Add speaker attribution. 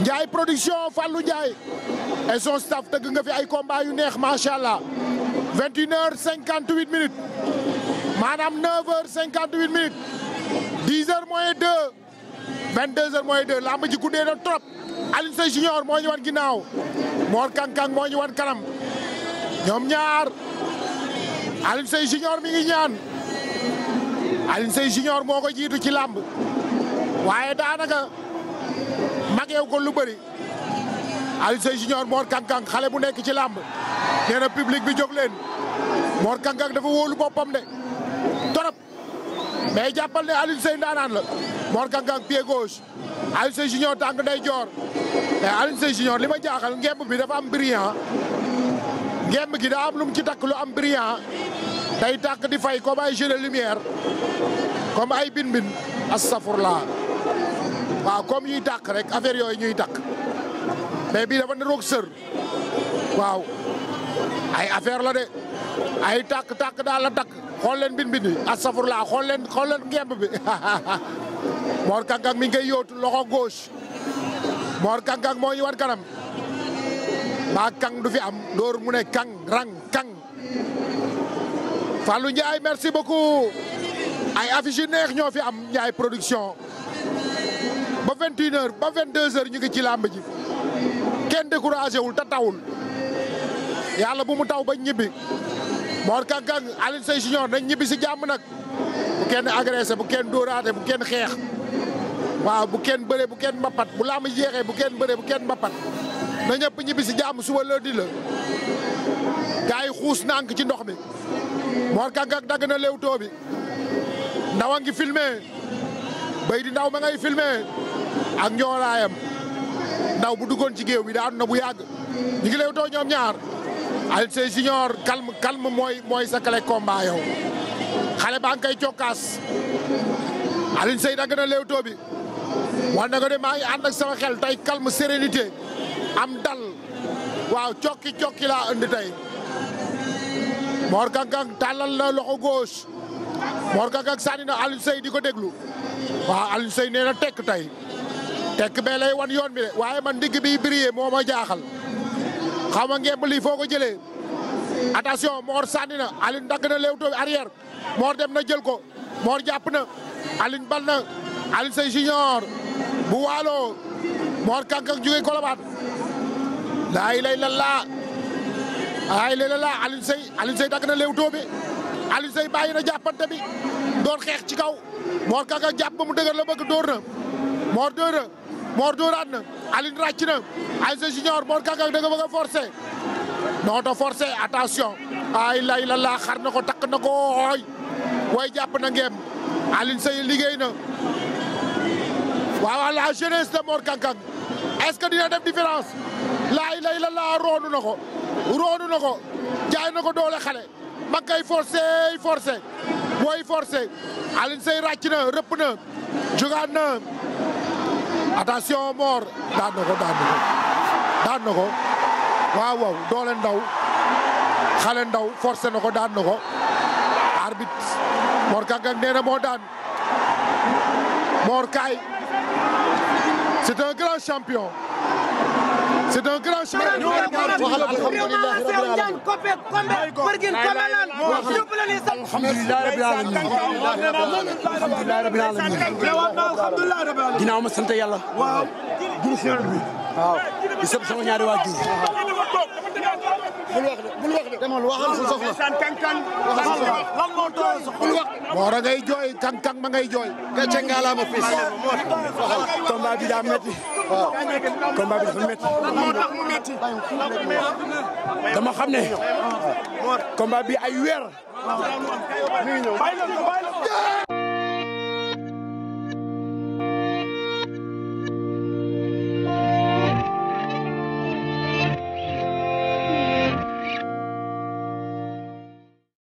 Speaker 1: Ndiaye production Fallou Ndiaye et son staff tëgg nga fi ay combat yu neex macha allah vingt une heures cinquante minutes maanaam neuf heures huit minutes dix heures moins deux vingt deux heures moins deux làmb ji guddee na trop Alioune Seye Junior moo ñu wan ginnaaw Mor Kang Kang moo wan kanam ñoom ñaar Alioune Seye Junior mi ngi ñaan Alioune Seye Junior moo ko jiitu ci làmb waaye daanaka. mageew ko lu bëri Alioune Seye Junior Mor xale bu nekk ci làmb nee na bi jóg leen Mor Kang dafa wóolu boppam ne torop mais jàppal ne Alioune Seye ndaanaan la Mor Kang Kang pied gauche Alioune Seye tànk day joor mais Alioune Seye li ma jaaxal ngemb bi dafa am brillant ngemb gi daa am mu ci takk lu am brillant day tàkk di fay comme ay jeu de comme ay bin bin astafurlaa waaw comme yuy dàq rek affaire yooyu ñuy takk mais bii dafa niroog sër waaw ay affaire la de ay tàkk-tàkk daal la takk xool leen bin bin bi astafurlaa xool leen xool leen ngemb bi Mor Kang Kang mi ngi koy loxo gauche Mor Kang Kang moo ñu war kanam ba kang du fi am dóor mu ne kang rang kang Fallou Ndiaye merci beaucoup ay affiche neex ñoo fi am Ndiaye production vingt une heures ba vingt deux heures ñu ngi ci làmb ji kenn découragé wul te tawul yàlla bu mu taw ba ñibbi Mor Kang Kang Alioune na ñibbi si jàmm nag bu kenn agressé bu kenn dóoraate bu kenn xeex waaw bu kenn bëre bu kenn mbapat bu làmb ji jeexee bu kenn bëre bu kenn mbapat na ñëpp ñibbi si jàmm suba lëndi la gars yi xuus nànk ci ndox mi Mor Kang Kang dagg na léewtoo bi ndaw a bay di ndaw ma ngay filmé ak njoolaayam ndaw bu duggoon ci géew bi da na bu yàgg ñu ngi leewtoo ñoom ñaar Alioune Seye junior calme mooy mooy sa clé combat yow xale baa ngi koy cokkaas Alioune Seye dagg na leewtoo bi wan de maa ngi ànd sama xel tey kalm sérénité am dal waaw cokki cokki laa indi tey Mor Kang Kang loxo goos Mor Kang Kang sànni na Alioune di ko déglu waaw Alioune Seye nee tekk tey tekk bee lay wan yoon bi de waaye man ndigg bi brillé moo ma jaaxal xaw ma ngeen lii foo ko jëlee attention Mor sànni na Aline dagg na léewto bi arrière Mor dem na jël ko Mor jàpp na Aline bal na Aline Seye junior bu waalo Mor kankang jóge Kolobaat laa ilay lallaa laa ilay lallaa Aline Seye Aline bi Aline Seye bàyyi na bi doon xeex ci kaw Mor kankang jàpp ba mu dëgër la bëgg dóor Mor dóor na Mor dóoraat na Aline ràcc na Aïssa Junior Mor Kangkang da nga bëgg a forcé nooto ay lay la laa ko takk na ko way jàpp na ngeem Aline Seye liggéey na waaw la jeunesse de Mor Kangkang est-ce que dina def différence laay lay la laa na ko roonu na ko jaay na ko doole xale ma koy forcé forcé booy forcé Aline Seye ràcc na rëpp attention Mor daan na ko daan na ko doole ndaw xale ndaw forcé na ko daan na ko arbitre Mor Kang nee na moo daan Mor Kaay c'est un grand champion c'est un grand chemin ñu alhamdulilah ginnaaw ma sant yàlla waaw jërëjëf sëñ bi waaw di sëb sama ñaari waa jiw bul wax de bul wax de demal waxal sa soxla waxal sa lan moo toll sa bul wax boora ngay jooy kang kang ma ngay jooy gàcce nga la ma fii waxal tomba bi daa metti waaw combat bi dafa métti. moo tax mu métti. dama xam ne. combat bi ay weer.